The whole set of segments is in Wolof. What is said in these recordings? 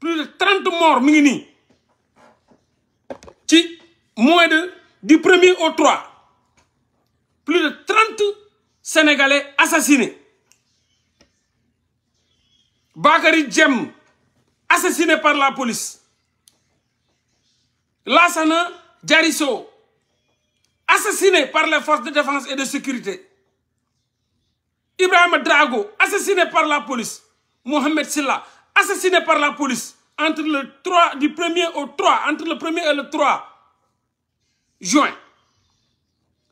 plus de trente morts mi ngi nii ci moins de du premier au trois plus de trente sénégalais assassinés Bakary Diem assassiné par la police Lassana Diarisso assassiné par les forces de défense et de sécurité Ibrahima Drago assassiné par la police Mohamed Silla assassiné par la police entre le trois du premier er au 3 entre le 1er et le 3 juin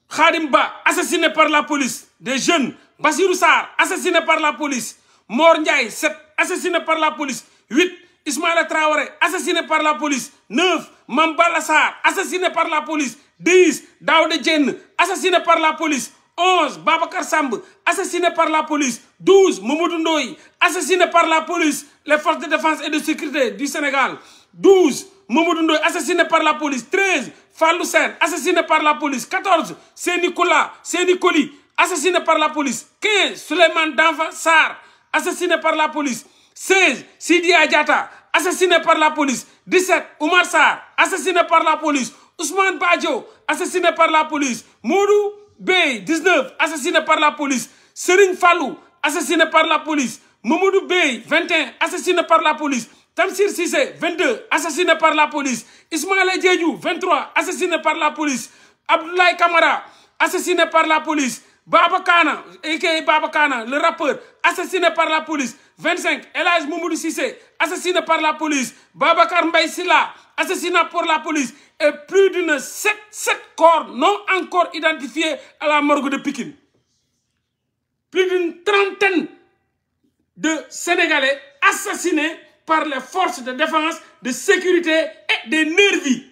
Khadim Ba assassiné par la police des jeunes Bassirou Sarr assassiné par la police Mor Ndiaye 7 assassiné par la police 8 Ismaïla Traoré assassiné par la police 9 Mame Balla Sarr assassiné par la police 10 Daouda Diène assassiné par la police 11 Babacar Samb assassiné par la police 12 Mamadou Ndoye assassiné par la police les forces de défense et de sécurité du Sénégal 12 Mamadou Ndoye assassiné par la police 13 Fallou Sène assassiné par la police 14 Seyni Koula Seyni Koli assassiné par la police 15 Souleymane Danfa Sarr assassiné par la police 16 Sidi Adiata assassiné par la police 17 Oumar Sarr assassiné par la police Ousmane Badjo assassiné par la police Modou B 19 assassiné par la police Serigne Fallou assassiné par la police Mamadou Bey 21 assassiné par la police Tamsir Cissé 22 assassiné par la police Ismaïla Diédhiou 23 assassiné par la police Abdoulaye Camara assassiné par la police Baba Kana aka Baba Kana le rappeur assassiné par la police 25 cinq Hadj Mamadou Cissé assassiné par la police Babacar Mbaye sila assassinat pour la police et plus d'une sept sept corps non encore identifiés à la morgue de Pikine plus d'une trentaine de Sénégalais assassinés par les forces de défense de sécurité et des nervis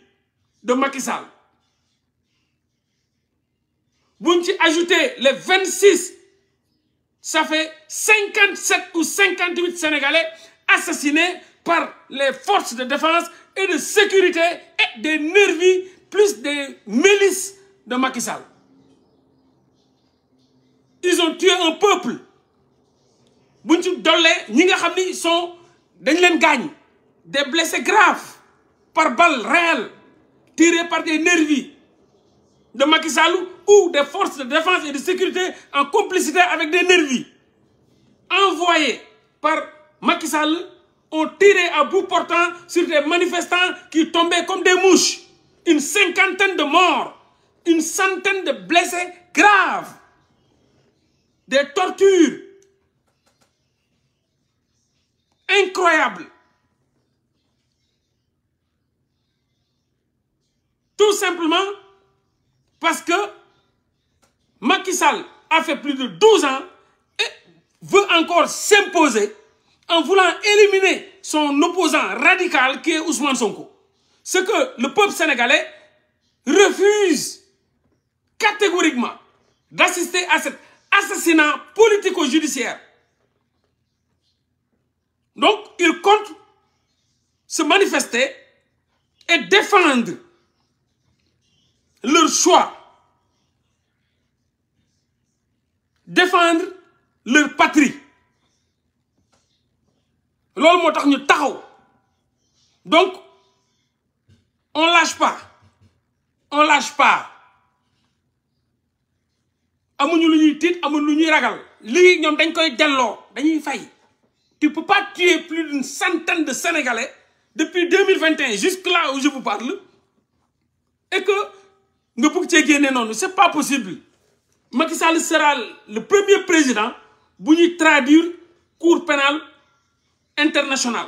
de Macky Sall ci ajouté les vingt six ça fait cinquante sept ou cinquante huit Sénégalais assassinés par les forces de défense et de sécurité des nervis plus des milices de Macky Sall. Ils ont tué un peuple. buñ ci dollee ñi nga xam ni sont dañ leen gaañ des blessés graves par balles réelles tirées par des nervis de Macky Sall ou des forces de défense et de sécurité en complicité avec des nervis envoyés par Macky ont tiré à bout portant sur des manifestants qui tombaient comme des mouches. Une cinquantaine de morts, une centaine de blessés graves, des tortures incroyables. Tout simplement parce que Macky Sall a fait plus de 12 ans et veut encore s'imposer en voulant éliminer son opposant radical qui est Ousmane Sonko. Ce que le peuple sénégalais refuse catégoriquement d'assister à cet assassinat politico-judiciaire. Donc, il compte se manifester et défendre leur choix, défendre leur patrie. loolu moo tax ñu taxaw donc on lâche pas on pas amuñu lu ñuy tiit amuñu lu ñuy ragal lii ñoom dañ koy delloo dañuy fay tu peux pas tuer plus d'une centaine de sénégalais depuis deux mille vingt et un jusque là où je vous parle et que nga bëgg cee génne noonu c'est pas possible Macky Sall sera le premier président bu ñuy traduire cour pénale international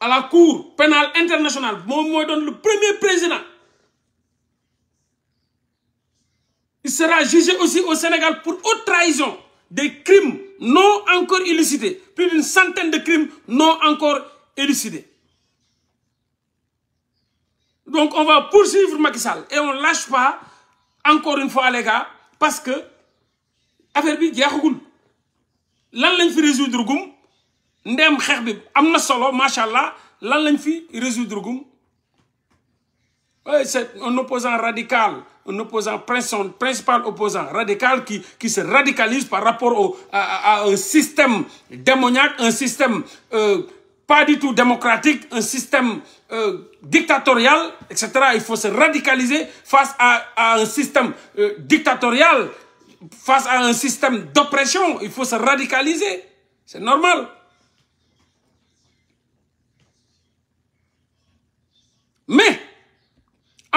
à la cour pénale internationale moom mooy doon le premier président il sera jugé aussi au Sénégal pour haute trahison des crimes non encore élucidés plus d'une centaine de crimes non encore élucidés donc on va poursuivre Macky Sall et on lâche pas encore une fois les gars parce que affaire bi jeexagul lan lañ fi résoudre gum ndem xeex bi am na solo macha allah lan lañ fi résoudre gum c'est un opposant radical un opposant son principal opposant radical qui qui se radicalise par rapport au système démoniaque un système euh, pas du tout démocratique un système euh, dictatorial etc il faut se radicaliser face à à un système euh, dictatorial face à un système d'oppression il faut se radicaliser c'est normal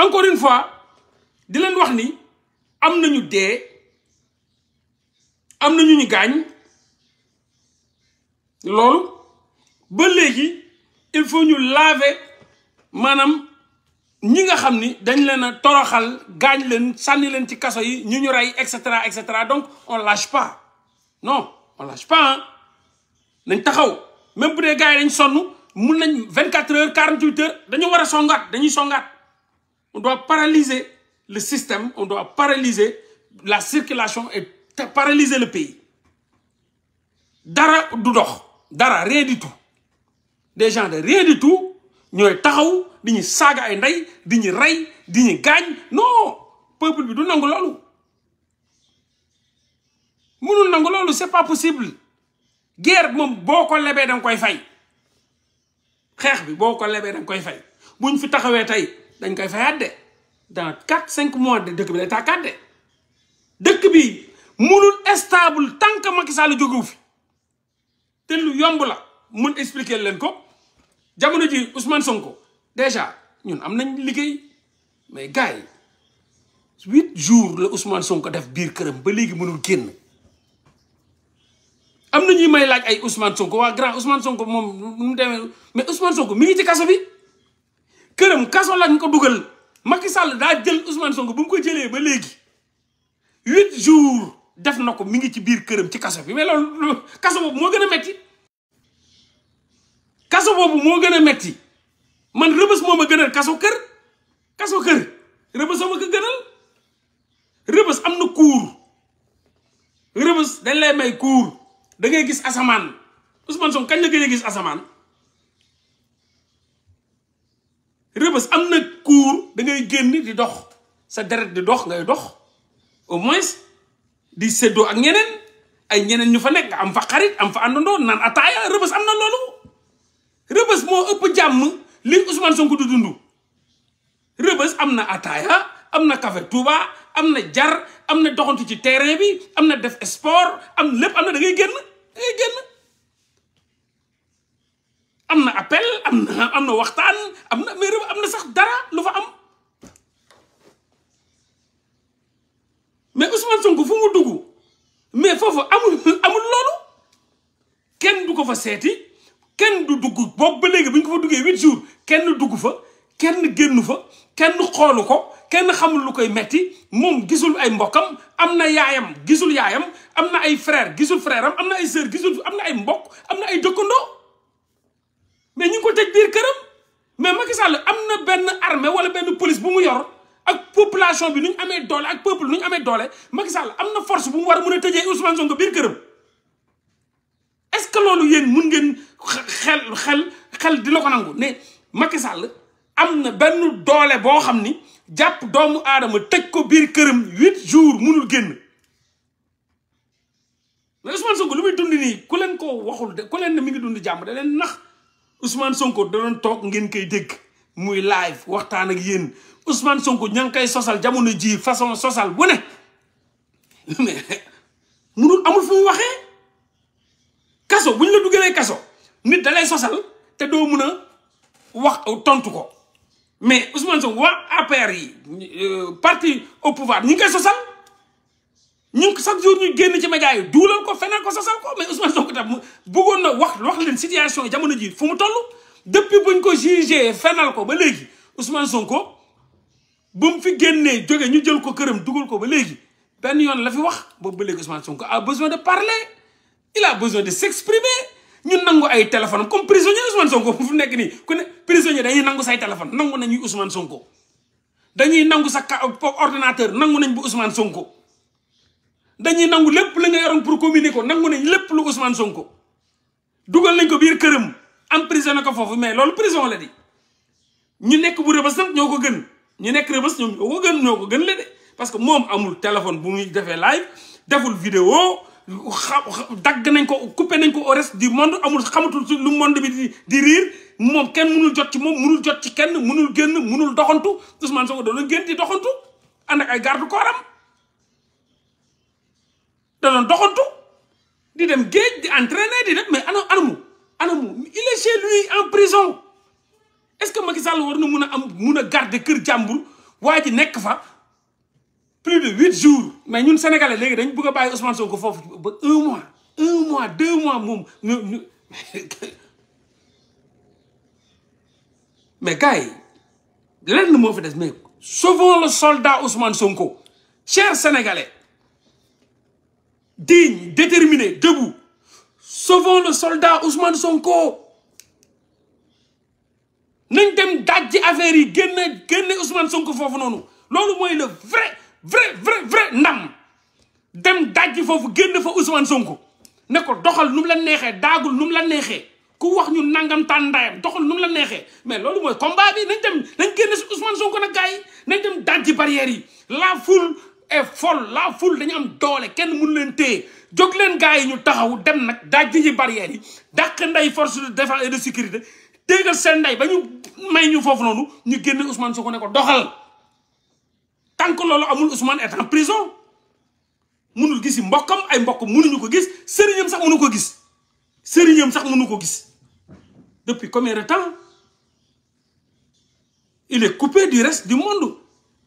encore une fois di leen wax ni am nañu dee am nañu ñu gaañ loolu ba léegi il faut ñu laver maanaam ñi nga xam ni dañ leen a toroxal gaañ leen sànni leen ci kaso yi ñu ñu rey et cetera et cetera donc on lâche pas non on lâche pas nañ taxaw même bu dee gars yi dañ sonn mun nañ vingt quatre heures quarante huit dañu war a songaat dañuy songaat on doit le système, on doit paralyser la circulation et paralyser le pays. Dara du dox dara rien du tout de rien du tout ñooy taxaw di ñu saaga ay ndey di ñu rey di ñu gaañ non peuple bi du nangu loolu mënul nangu loolu c'est pas possible guerre moom boo ko lebee danga koy fay xeex bi boo ko lebee danga koy fay buñ fi taxawee tey dañ koy fayaat de dans quatre cinq mois de dëkk bi day tàkkaat de dëkk bi munul stable tant que Macky Sall jógewu fi te lu yomb la mun expliquer leen ko jamono ji Ousmane Sonko déjà ñun am nañ liggéey mais gars yi huit jours la Ousmane Sonko def biir këram ba léegi mënul génn am na ñuy may laaj ay Ousmane Sonko waa grand Ousmane Sonko moom mu dee mais Ousmane Sonko mi ngi ci kaso bi. këram kaso lañ ko dugal Macky Sall daa jël Ousmane Sonko bu mu ko jëlee ba léegi huit jours def na ko mu ngi ci biir këram ci kaso bi mais loolu kaso boobu moo gën a metti kaso boobu moo gën a metti man rëbës moo ma gënal kaso kër kaso kër rëbës moo ma ko gënal rëbës am na cour rëbës dañ lay may cour dangay gis asamaan Ousmane Sonko kañ la gën a gis asamaan rëbës am na cour da ngay génn di dox sa deret di dox ngay dox au moins di séddoo ak ñeneen ay ñeneen ñu fa nekk am fa xarit am fa àndandoo naan ataaya rëbës am na loolu rëbës moo ëpp jàmm li Ousmane Sonko du dund rëbës am na ataaya am na café Touba am na jar am na doxantu ci terrain bi am na def sport am lépp am na da génn da génn am na appel am na am na waxtaan am na mais am na sax dara lu fa am mais Ousmane Sonko fu mu dugg mais foofu amul amul loolu kenn du ko fa seeti kenn du dugg boobu ba léegi bu ñu ko fa duggee huit jours kenn duggu fa kenn génnu fa kenn xoolu ko kenn xamul lu koy metti moom gisul ay mbokkam am na yaayam gisul yaayam am na ay frère gisul frère am na ay sœur gisul am na ay mbokk am na ay dëkkandoo mais ñu ko tëj biir këram mais Macky Sall am na benn armee wala benn police bu mu yor ak population bi nu ñu amee doole ak peuple nu ñu amee doole Macky Sall am na force bu mu war a mën a tëjee Ousmane Sonko biir këram est-ce que loolu yéen mun ngeen xel xel xel dina ko nangu ne Macky Sall am na benn doole boo xam ni jàpp doomu aadama tëj ko biir këram huit jours munul génn mais Ousmane Sonko lu muy dund nii ku leen ko waxul de ku leen ne mu ngi dund jàmm da leen nax. Ousmane Sonko da doon toog ngeen koy dégg muy live waxtaan ak yéen Ousmane Sonko ña ngi koy sosal jamono ji façon sosal bu ne mais amul fu mu waxee kaso bu ñu la dugalee kaso nit da sosal te doo mun a wax tontu ko mais Ousmane Sonko waa APR yi euh, parti au pouvoir ñu ngi sosal. ñu ngi chaque jour ñu génn ci média yi duulal ko fenal ko sosal ko mais Ousmane Sonko tam bëggoon na wax wax leen situation yi jamono ji fu mu toll depuis buñ ko jugé fenal ko ba léegi Ousmane Sonko ba mu fi génnee jóge ñu jël ko këram dugal ko ba léegi benn yoon la fi wax boobu ba léegi Ousmane Sonko a besoin de parler il a besoin de ñun nangu ay téléphone comme prisonnier Ousmane Sonko fu nekk nii ku ne prisonnier dañuy nangu say téléphone nangu nañuy Ousmane Sonko dañuy nangu sa ordinateur nangu nañ bu Ousmane Sonko dañuy nangu lépp la nga yoroon pour communiquer ko nangu nañ lépp lu Ousmane Sonko dugal nañ ko biir këram emprisonné ko foofu mais loolu prison la di ñu nekk bu rëbës nag ñoo ko gën ñu nekk rëbës ñoom ñoo ko gën ñoo ko gën la de parce que moom amul téléphone bu muy defee live deful vidéo xa dagg nañ ko coupé nañ ko au reste du monde amul xamatul lu monde bi di di riir moom kenn munul jot ci moom mënul jot ci kenn mënul génn mënul doxantu Ousmane Sonko doon génn di doxantu ànd ak ay garde corps am da doon doxantu di dem géej di entraîner di def mais ana anamu anamu il est chez lui en prison est-ce que Macky Sall war na mun a am mun a garder kër jàmbur waa ji nekk fa plus de huit jours. mais ñun sénégalais léegi dañ bëgg a bàyyi Ousmane Sonko foofu ba un mois un mois deux mois moom ñu mais gars yi lenn moo fi des mais sauvons le soldat Ousmane Sonko cher sénégalais. digne, déterminé, debout. Sauvons le soldat Ousmane Sonko. nañ dem dajji affaire yi génne génne Ousmane Sonko foofu noonu loolu mooy le vrai vrai vrai vrai ndam dem dajji foofu génn fa Ousmane Sonko ne ko doxal nu mu la neexee daagul nu la neexee ku wax ñu nangam taan ndayam doxal nu mu la neexee mais loolu mooy combat bi nañ dem nañ génne si Ousmane Sonko nag gars yi nañ dem dajji barrières yi la foule est folle la foule dañu am doole kenn mënu leen téye jóg leen gars yi ñu taxaw dem nag daaj ji barrières yi dàq ndey force de défense et de sécurité déggal seen ndey ba ñu may ñu foofu noonu ñu génne Ousmane Sonko ne ko doxal tant loolu amul Ousmane est en prison mënul gis mbokkam ay mbokk mënuñu ko gis sëriñam sax mënu ko gis sëriñam sax mënu ko gis depuis combien de temps il est coupé du reste du monde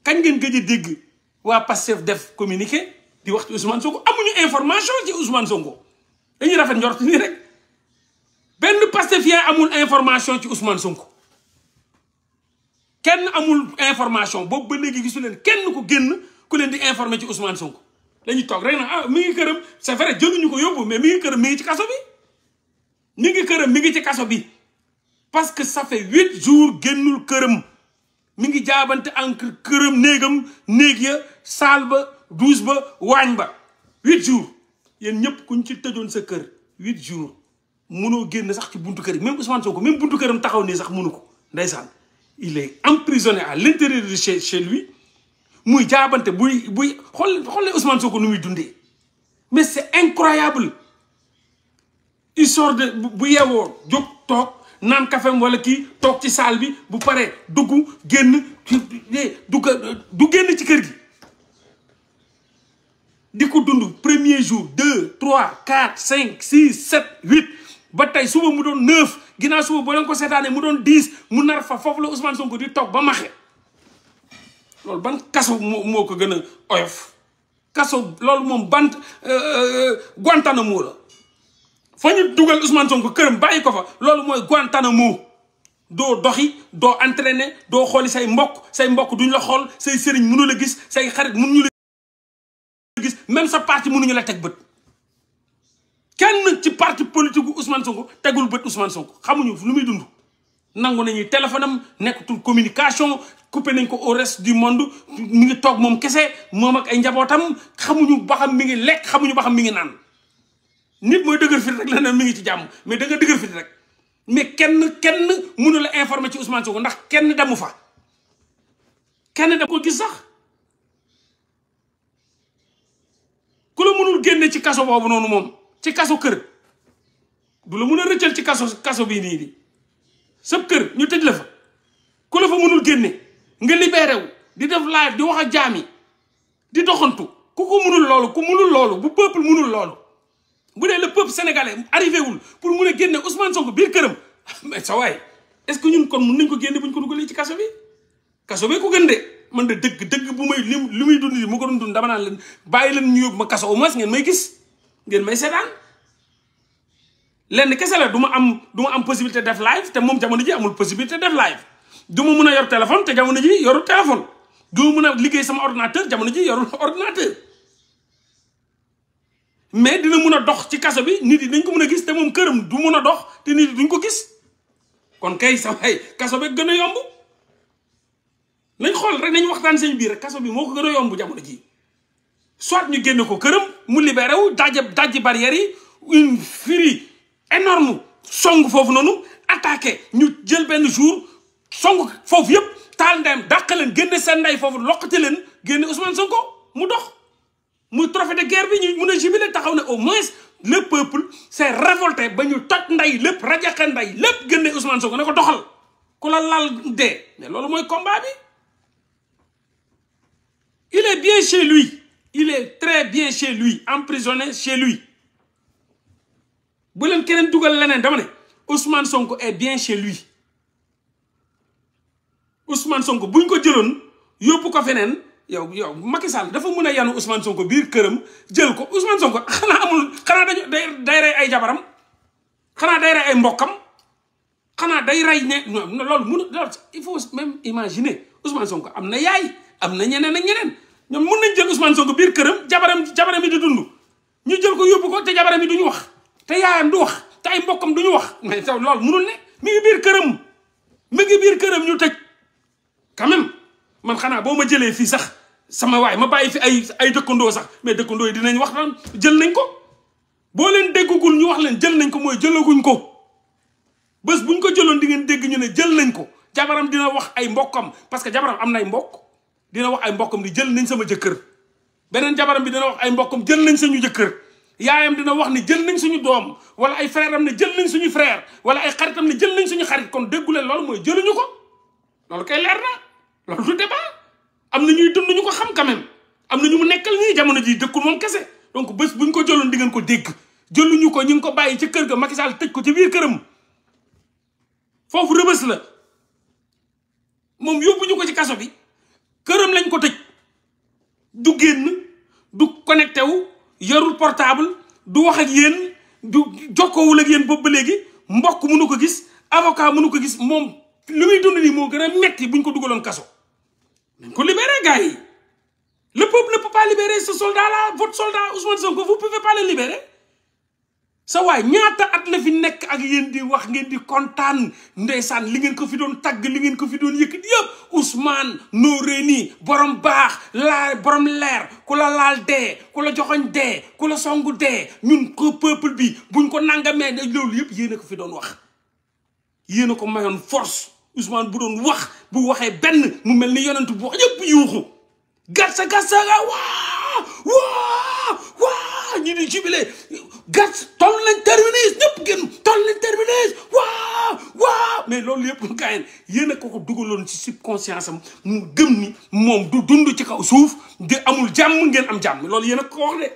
kañ ngeen gëj a dégg waa Pastef def communiqué di wax ci Ousmane Sonko amuñu information ci Ousmane Sonko dañuy rafet njort nii rek benn Pastefien amul information ci Ousmane Sonko kenn amul information boobu ba léegi gisu leen kenn ku génn ku leen di informer ci Ousmane Sonko dañuy toog rek na ah mi ngi këram c'est vrai jëluñu ko yóbbu mais mi ngi këram mu ngi ci kaso bi mi ngi këram mi ngi ci kaso bi parce que ça fait huit jours génnul këram. mi ngi jaabante encre këram néegam néeg ya saal ba douze ba waañ ba huit jours yéen ñëpp kuñ ci tëjoon sa kër huit jours munoo génn sax ci buntu kër yi même Ousmane Sonko même buntu këram taxaw nii sax mënu ko ndeysaan il est emprisonné à l'intérieur de chez chez muy jaabante buy buy xool xoolee Ousmane Sonko nu muy dundee mais c'est incroyable il sort de bu yewoo jóg toog naan kafem walla kii toog ci saal bi bu paree dugg génn du génn ci kër gi di ko dund premier jour deux trois quatre cinq six sept huit ba tey suba mu doon neuf ginnaaw suba boo leen ko seetaanee mu doon diis mu nar fa foofu la Ousmane Sonko di toog ba maxe loolu ban kaso moo ko gën a oyof kaso loolu moom bant euh, euh, Guantanamo la fa ñu dugal Ousmane Sonko këram bàyyi ko fa loolu mooy Guantanamo doo doxi doo entraîné doo xooli say mbokk say mbokk duñ la xool say sëriñ mënu la gis say xarit ñu la gis même sa parti mënuñu la teg bët kenn ci parti politique gu Ousmane tegul bët Ousmane Sonko xamuñu lu muy dund nangu nañuy téléphone am communication coupé nañ ko au reste du monde mi ngi toog moom kese moom ak ay njabootam xamuñu ba xam mi ngi lekk xamuñu ba xam mi ngi naan nit mooy dëgër fit rek la ne mi ngi ci jàmm mais danga nga dëgër fit rek mais kenn kenn mënu la informer ci Ousmane Sonko ndax kenn demu fa kenn dem ko gis sax ku la mënul génne ci kaso boobu noonu moom ci kaso kër du la mën a rëccal ci kaso kaso bii nii nii sab kër ñu tëj la fa ku la fa mënul génne nga libéré wu di def live di wax ak jaam di doxantu ku ko mënul loolu ku mënul loolu bu peuple mënul loolu bu dee le peuple sénégalais arrivé wul pour mun a génne Ousmane Sonko biir këram mais sa waay est ce que ñun kon mun nañ ko génne bu ñu ko dugalee ci kaso bi kaso bi ko gën de man de dëgg dëgg bu may lim li muy dund li mu ko doon dund dama naan leen bàyyi leen ñu yóbbu ma kaso au moins ngeen may gis ngeen may seetaan lenn kese la du am du am possibilité def live te moom jamono ji amul possibilité def live du ma mun a yor téléphone te jamono ji yoru téléphone du ma mun a liggéey sama ordinateur jamono ji yoru ordinateur. mais dina mun a dox ci kaso bi nit yi dañ ko mun a gis te moom këram du mun a dox te nit yi duñ ko gis kon kay sa waay kaso be gën a yomb nañ xool rek nañ waxtaan seen biir rek kaso bi moo ko gën a yomb jamono ji soit ñu génne ko këram mu libéré wu daj dajji barrières yi une furie énorme song foofu noonu attaqué ñu jël benn jour song foofu yëpp taal ndeyam dàq leen génne seen ndey foofu loqati leen génne Ousmane ko mu dox mu trophée de guerre bi ñu mun a jubiler taxaw ne au moins le peuple s'est révolté ba ñu toj nday lépp rajaxe nday lépp génne Ousmane Sonko ne ko doxal ku la lal dee mais loolu mooy combat bi il est bien chez lui il est très bien chez lui emprisonné chez lui bu leen keneen dugal leneen dama ne Ousmane Sonko est bien chez lui Ousmane Sonko buñ ko jëloon yóbbu ko feneen yow yow Macky Sall dafa mën a yanu Ousmane Sonko biir këram jël ko Ousmane Sonko xanaa amul xanaa dañu day day ay jabaram xanaa day ay mbokkam xanaa day rey ne loolu mun loolu il faut même imaginer Ousmane Sonko am na yaay am na ñeneen ak ñeneen ñoom mun nañ jël Ousmane Sonko biir këram jabaram jabaram yi di dund ñu jël ko yóbbu ko te jabaram yi duñu wax te yaayam du wax te ay mbokkam duñu wax mais loolu munul ne mi ngi biir këram mi ngi biir këram ñu tëj quand même man xanaa boo ma jëlee fii sax. sama waay ma bàyyi fi ay ay dëkkandoo sax mais dëkkandoo yi dinañ wax naan jël nañ ko boo leen déggagul ñu wax leen jël nañ ko mooy jëlaguñ ko bés buñ ko jëloon di ngeen dégg ñu ne jël nañ ko jabaram dina wax ay mbokkam parce que jabaram am na ay mbokk dina wax ay mbokkam ni jël nañ sama jëkkër beneen jabaram bi dina wax ay mbokkam jël nañ suñu jëkkër yaayam dina wax ni jël nañ suñu doom wala ay frère am ne jël nañ suñu frère wala ay xaritam ne jël nañ suñu xarit kon dégguleen loolu mooy jëluñu ko loolu kay leer na loolu du débat am na ñuy dund ñu ko xam quand am na ñu mu nekkal nii jamono ji dëkkul moom kese donc bés bu ñu ko joloon di ngeen ko dégg ñu ko ñu ngi ko bàyyi ci kër ga Macky Sall tëj ko ci biir këram foofu rëbës la moom yóbbuñu ko ci kaso bi këram lañ ko tëj du génn du connecté wu yorul portable du wax ak yéen du jokkoowul ak yéen boobu ba léegi mbokk mënu ko gis avocat mënu ko gis moom li muy dund nii moo gën a bu buñ ko dugaloon kaso nañ ko libéré gars yi le peuple ne peut pas libérer ce soldat là votre soldat sa waay ñaata at la fi nekk ak yéen di wax ngeen di kontaan ndeysaan li ngeen ko fi doon tagg li ngeen ko fi doon yëkkat yëpp Ousmane Noreyni borom baax laa borom leer ku la laal dee ku la joxoñ dee ku la songu dee ñun ko peuple bi buñ ko nangamee loolu yëpp yéen ko fi doon wax yéen a ko mayoon force Ousmane bu doon wax bu waxee benn mu mel ni yonent bu wax yëpp yuuxu Garsa Garsa waa waa waa ñu di jubilee Garsa toll nañ terminus ñëpp génn toll nañ terminus waa waa mais loolu yëpp lu gaayen yéen a ko ko dugaloon ci subconscience am mu gëm ni moom du dund ci kaw suuf di amul jàmm ngeen am jàmm lool yéen a ko de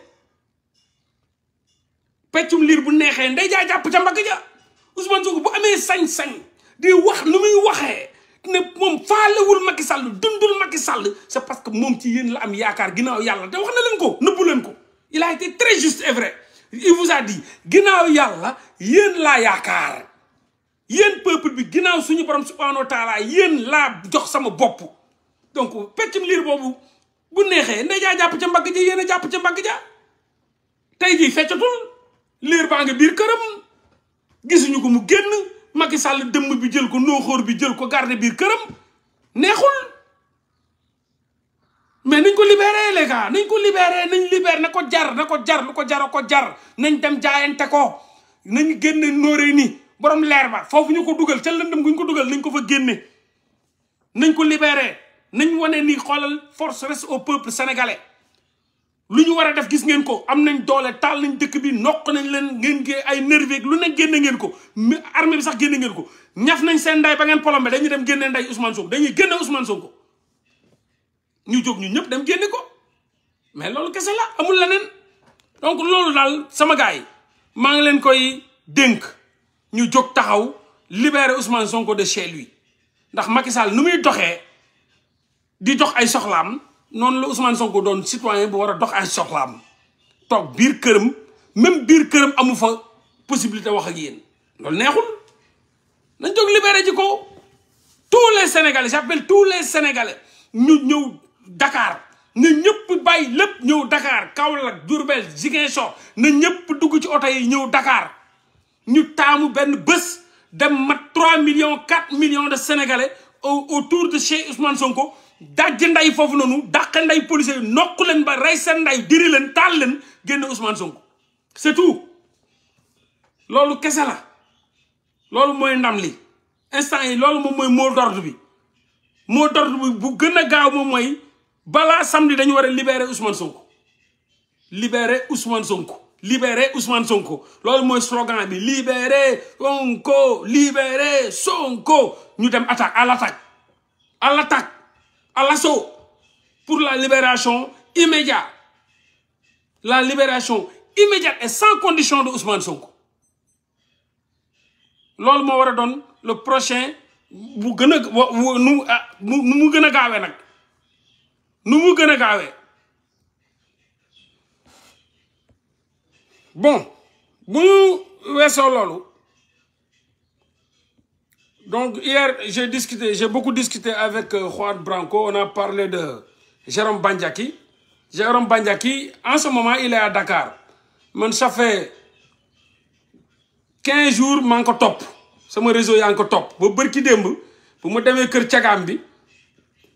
peccum liir bu neexee ndey jaa jàpp ca mbagg ja Ousmane bu amee sañ-sañ di wax nu muy waxee ne moom faalewul Macky Sall dundul Macky Sall c'est parce que moom ci yéen la am yaakaar ginnaaw yàlla te wax na leen ko nëbbu leen ko il a été très juste et vrai il vous a yàlla yéen laa yaakaar yéen peuple bi ginnaaw suñu borom subhanahu wa taala yéen laa jox sama bopp donc peccum liir boobu bu neexee ndey jaa jàpp ca mbagg ja yéen a jàpp ca mbagg ja tey jii feccatul liir baa ngi biir këram gisuñu ko mu génn Macky Sall dëmm bi jël ko nooxóor bi jël ko garde biir këram neexul mais nañ ko libéré les gars nañ ko libéré nañ libeer na ko jar na ko jar lu ko jar a ko jar nañ dem jaayante ko nañ génne nóoree nii borom leer ba foofu ñu ko dugal ca lëndëm gu ñu ko dugal nañ ko fa génne nañ ko libéré nañ wane ni xoolal force reste au peuple sénégalais lu ñu war a def gis ngeen ko am nañ doole taal nañ dëkk bi noq nañ leen ngeen gee ay nerveeg lu ne génne ngeen ko armée bi sax génne ngeen ko ñaf nañ seen nday ba ngeen polombe dañuy dem génne nday Ousmane Sonko dañuy génne Ousmane Sonko ñu jóg ñu ñëpp dem génne ko mais loolu kese la amul leneen donc loolu daal sama gars yi maa ngi leen koy dénk ñu jóg taxaw libérer Ousmane Sonko de chez lui ndax Macky Sall nu muy doxee di jox ay soxlaam noonu la Ousmane Sonko doon citoyen bu war a dox ay soxlaam toog biir këram même biir këram amu fa possibilité wax ak yéen loolu neexul nañ jog libéré ji ko tous les sénégalais j'appelle tous les sénégalais ñu ñëw dakaar na ñëpp bàyyi lépp ñëw dakaar Dakar Kaolack Diourbel Ziguinchor na ñëpp dugg ci oto yi ñëw dakaar ñu taamu benn bés dem mat 3 millions 4 millions de sénégalais autour de chez Ousmane Sonko. dajj nday foofu noonu dàq nday policier yi nokku leen ba rey seen nday diri leen taal leen génn Ousmane Sonko c'est loolu kese la loolu mooy ndam li instant yi loolu moom mooy mot d'ordre bi mot d'ordre bi bu gën a gaaw moom mooy balaa samedi dañu war libere libérer Ousmane Sonko libérer Ousmane Sonko libérer Ousmane loolu mooy slogan bi libérer Sonko libérer Sonko ñu dem attaque à l'attaque à pour la libération immédiate. La libération immédiate et sans condition de Ousmane Sonko. loolu moo war a doon le prochain bu gën a ah, nu nu mu gën a gaawee nag nu mu gën a gaawee bon bu ñu weesoo loolu Donc hier, j'ai discuté, j'ai beaucoup discuté avec euh, Juan Branco. On a parlé de Jérôme Bandiaki. Jérôme Bandiaki, en ce moment, il est à Dakar. Man, ça fait 15 jours, man, top. C'est mon réseau, il est encore top. Je suis top. Je suis top. Je suis top.